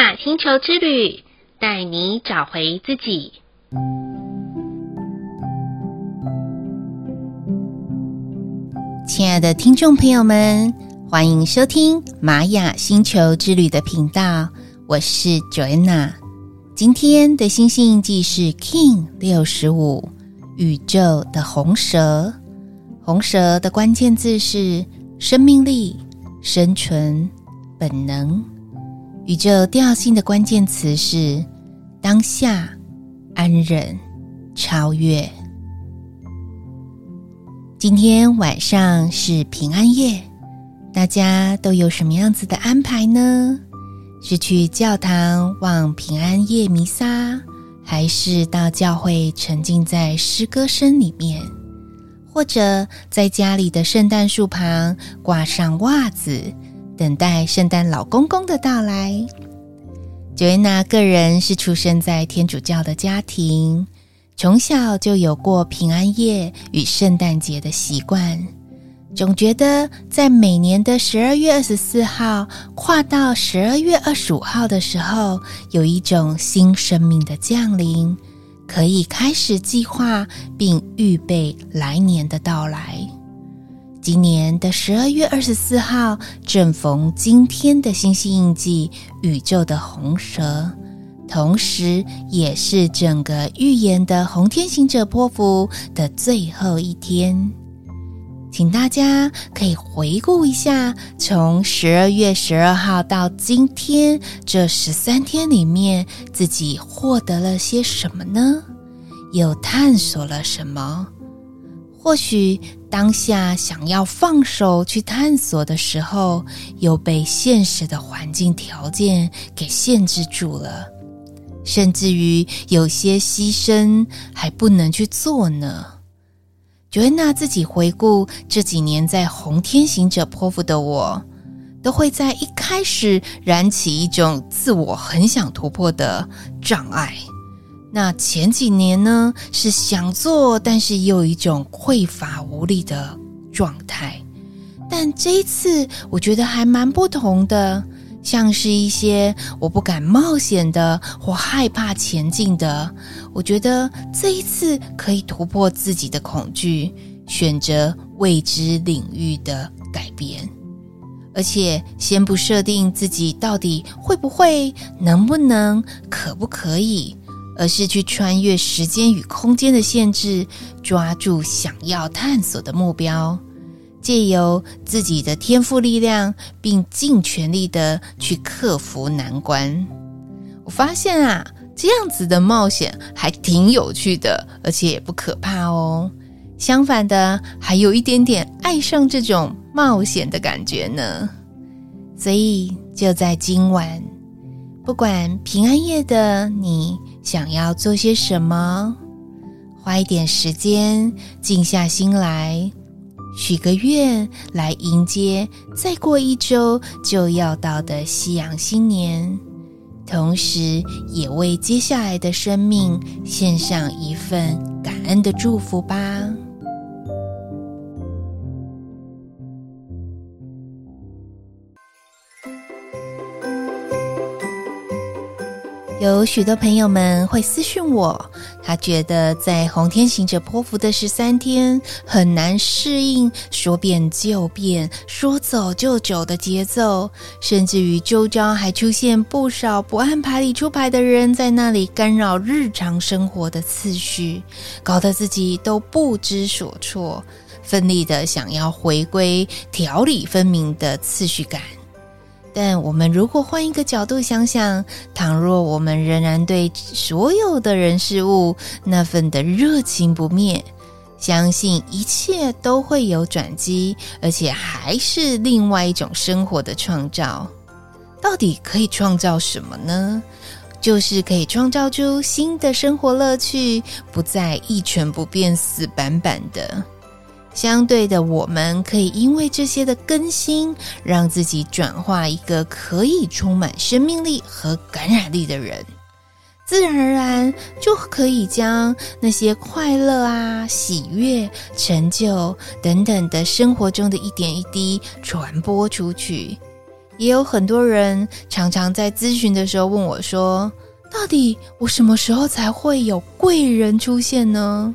瑪雅星球之旅，帶你找回自己。親愛的聽眾朋友們，歡迎收聽瑪雅星球之旅的頻道，我是 Joanna。今天的星星印記是 Kin 六十五，宇宙的紅蛇。紅蛇的關鍵字是生命力、生存、本能。宇宙調性的關鍵詞是當下、安忍、超越。今天晚上是平安夜，大家都有什麼樣子的安排呢？是去教堂望平安夜彌撒，還是到教會沉浸在詩歌聲裡面，或者在家裡的聖誕樹旁掛上襪子？等待聖誕老公公的到來。Joanna 個人是出生在天主教的家庭，從小就有過平安夜與聖誕節的習慣，總覺得在每年的十二月二十四號跨到十二月二十五號的時候，有一種新生命的降臨，可以開始計劃並預備來年的到來。今年的十二月二十四號，正逢今天的星系印記宇宙的紅蛇，同時也是整個預言的紅天行者波符的最後一天。請大家可以回顧一下，從十二月十二號到今天這十三天裡面，自己獲得了些什麼呢？又探索了什麼？或許當下想要放手去探索的時候，又被現實的環境條件給限制住了，甚至於有些犧牲還不能去做呢。喬安娜自己回顧這幾年在紅天行者波符的我，都會在一開始燃起一種自我很想突破的障礙。那前幾年呢，是想做，但是又有一種匱乏無力的狀態。但這一次，我覺得還蠻不同的，像是一些我不敢冒險的，或害怕前進的。我覺得這一次可以突破自己的恐懼，選擇未知領域的改變。而且，先不設定自己到底會不會、能不能、可不可以。而是去穿越時間與空間的限制，抓住想要探索的目標，借由自己的天賦力量，並盡全力的去克服難關。我發現啊，這樣子的冒險還挺有趣的，而且也不可怕哦。相反的，還有一點點愛上這種冒險的感覺呢。所以就在今晚，不管平安夜的你，想要做些什麼？花一點時間，靜下心來，許個願，來迎接再過一周就要到的西洋新年，同時也為接下來的生命獻上一份感恩的祝福吧。有許多朋友們會私訊我，他覺得在紅天行者波符的十三天很難適應說變就變、說走就走的節奏，甚至於周遭還出現不少不按牌理出牌的人，在那裡干擾日常生活的次序，搞得自己都不知所措，奮力的想要回歸條理分明的次序感。但我們如果換一個角度想想，倘若我們仍然對所有的人事物那份的熱情不滅，相信一切都會有轉機，而且還是另外一種生活的創造。到底可以創造什麼呢？就是可以創造出新的生活樂趣，不再一成不變、死板板的。相對的，我們可以因為這些的更新，讓自己轉化一個可以充滿生命力和感染力的人，自然而然就可以將那些快樂啊、喜悅、成就等等的生活中的一點一滴傳播出去。也有很多人常常在諮詢的時候問我說：“到底我什麼時候才會有貴人出現呢？”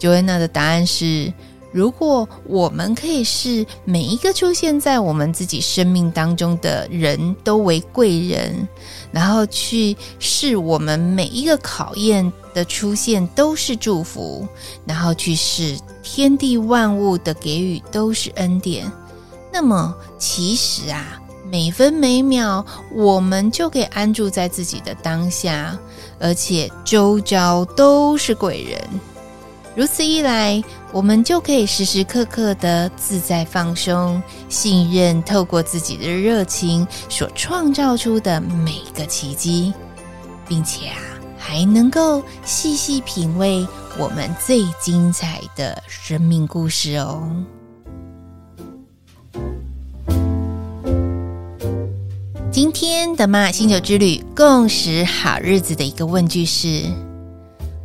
Joanna 的答案是。如果我們可以視每一個出現在我們自己生命當中的人都為貴人，然後去視我們每一個考驗的出現都是祝福，然後去視天地萬物的給予都是恩典，那麼其實啊，每分每秒我們就可以安住在自己的當下，而且周遭都是貴人。如此一來。我們就可以時時刻刻的自在放鬆，信任透過自己的熱情所創造出的每個奇蹟，並且啊，還能夠細細品味我們最精彩的生命故事哦。今天的馬雅星球之旅，共時好日子的一個問句是，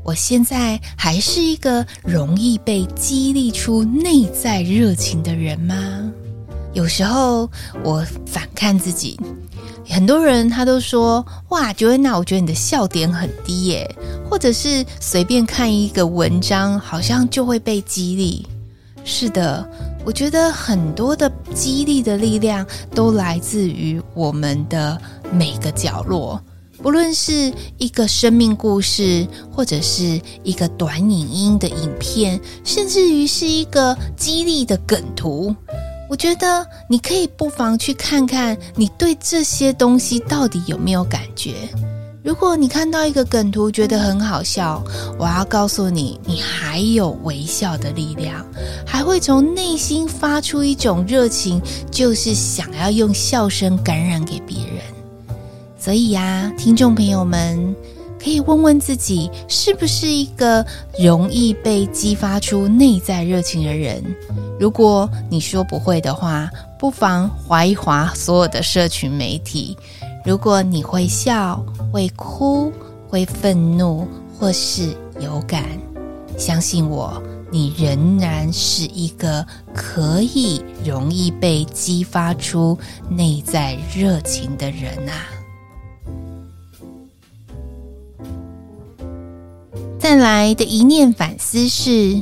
我現在還是一個容易被激勵出內在熱情的人嗎？有時候我反觀自己，很多人他都說：“哇，Joanna，那我覺得你的笑點很低耶。”或者是隨便看一個文章，好像就會被激勵。是的，我覺得很多的激勵的力量都來自於我們的每個角落。不論是一個生命故事，或者是一個短影音的影片，甚至於是一個激勵的梗圖，我覺得你可以不妨去看看，你對這些東西到底有沒有感覺？如果你看到一個梗圖覺得很好笑，我要告訴你，你還有微笑的力量，還會從內心發出一種熱情，就是想要用笑聲感染給別人。所以呀、啊，聽眾朋友們，可以問問自己，是不是一個容易被激發出內在熱情的人？如果你說不會的話，不妨滑一滑所有的社群媒體。如果你會笑、會哭、會憤怒或是有感，相信我，你仍然是一個可以容易被激發出內在熱情的人啊。帶來的一念反思是：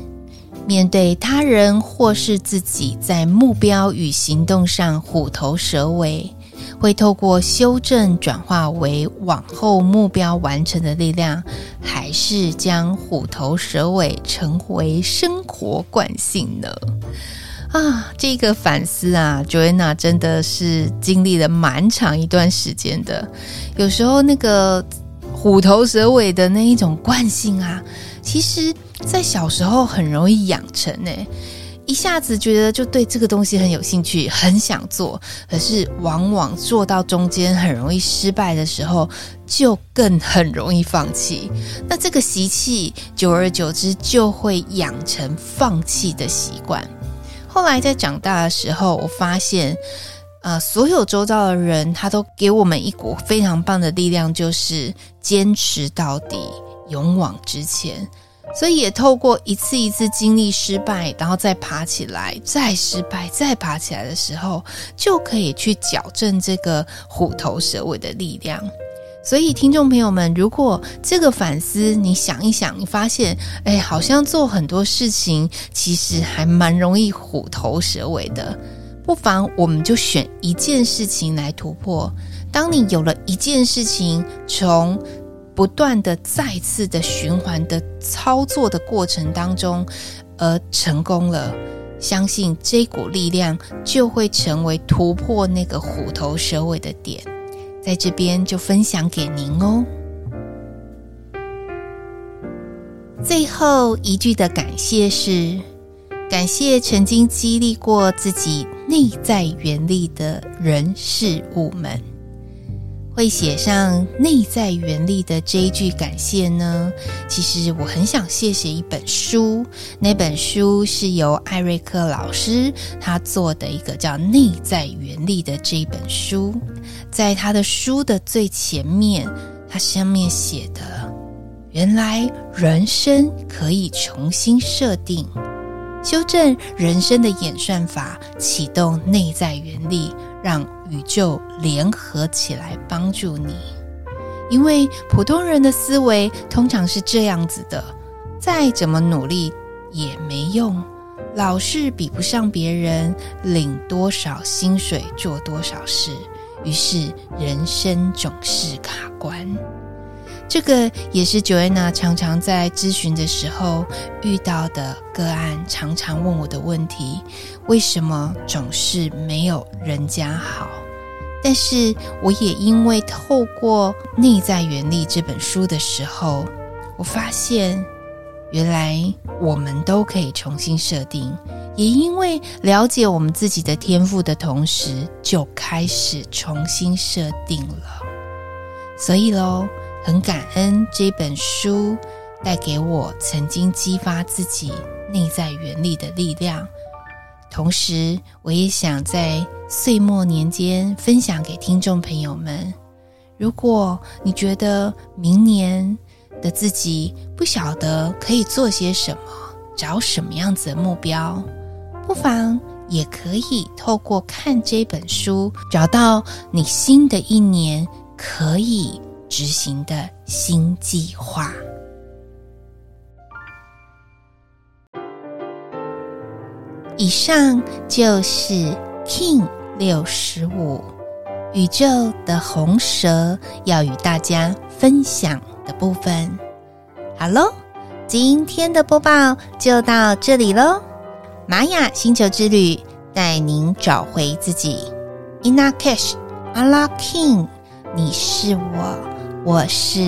面對他人或是自己，在目標與行動上虎頭蛇尾，會透過修正轉化為往後目標完成的力量，還是將虎頭蛇尾成為生活慣性呢？啊，這個反思啊，Joanna 真的是經歷了蠻長一段時間的。有時候那個。虎頭蛇尾的那一種慣性啊，其實在小時候很容易養成誒，一下子覺得就對這個東西很有興趣，很想做，可是往往做到中間很容易失敗的時候，就更很容易放棄。那這個習氣，久而久之就會養成放棄的習慣。後來在長大的時候，我發現。啊、呃，所有周遭的人，他都給我們一股非常棒的力量，就是堅持到底、勇往直前。所以，也透過一次一次經歷失敗，然後再爬起來，再失敗，再爬起來的時候，就可以去矯正這個虎頭蛇尾的力量。所以，聽眾朋友們，如果這個反思，你想一想，你發現，哎、欸，好像做很多事情，其實還蠻容易虎頭蛇尾的。不妨我們就選一件事情來突破。當你有了一件事情，從不斷的、再次的循環的操作的過程當中而成功了，相信這股力量就會成為突破那個虎頭蛇尾的點。在這邊就分享給您哦。最後一句的感謝是，感謝曾經激勵過自己內在原力的人事物們，會寫上內在原力的這一句感謝呢。其實我很想謝謝一本書，那本書是由艾瑞克老師他做的一個叫《內在原力》的這一本書，在他的書的最前面，他上面寫的：“原來人生可以重新設定。”修正人生的演算法，啟動內在原力，讓宇宙聯合起來幫助你。因為普通人的思維通常是這樣子的，再怎麼努力也沒用，老是比不上別人，領多少薪水做多少事，於是人生總是卡關。這個也是 Joanna 常常在諮詢的時候遇到的個案，常常問我的問題：為什麼總是沒有人家好？但是我也因為透過《內在原力》這本書的時候，我發現原來我們都可以重新設定。也因為了解我們自己的天賦的同時，就開始重新設定了。所以嘍。很感恩這本書帶給我曾經激發自己內在原力的力量，同時我也想在歲末年終分享給聽眾朋友們。如果你覺得明年的自己不曉得可以做些什麼，找什麼樣子的目標，不妨也可以透過看這本書，找到你新的一年可以。執行的新計劃。以上就是 Kin 六十五，宇宙的紅蛇要與大家分享的部分。好嘍，今天的播報就到這裡嘍。瑪雅星球之旅，帶您找回自己。In Lak'ech，Ala K'in，你是我。我是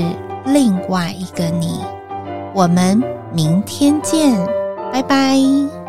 另外一個你，我們明天見，拜拜。